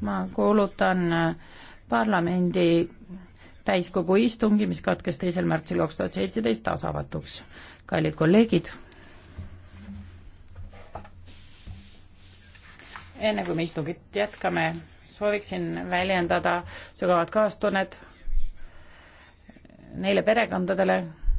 ma kuulutan äh, parlamendi täiskogu istungi, mis katkes teisel märtsil kaks tuhat seitseteist, tasavatuks. kallid kolleegid, enne kui me istungit jätkame, sooviksin väljendada sügavat kaastunnet neile perekondadele,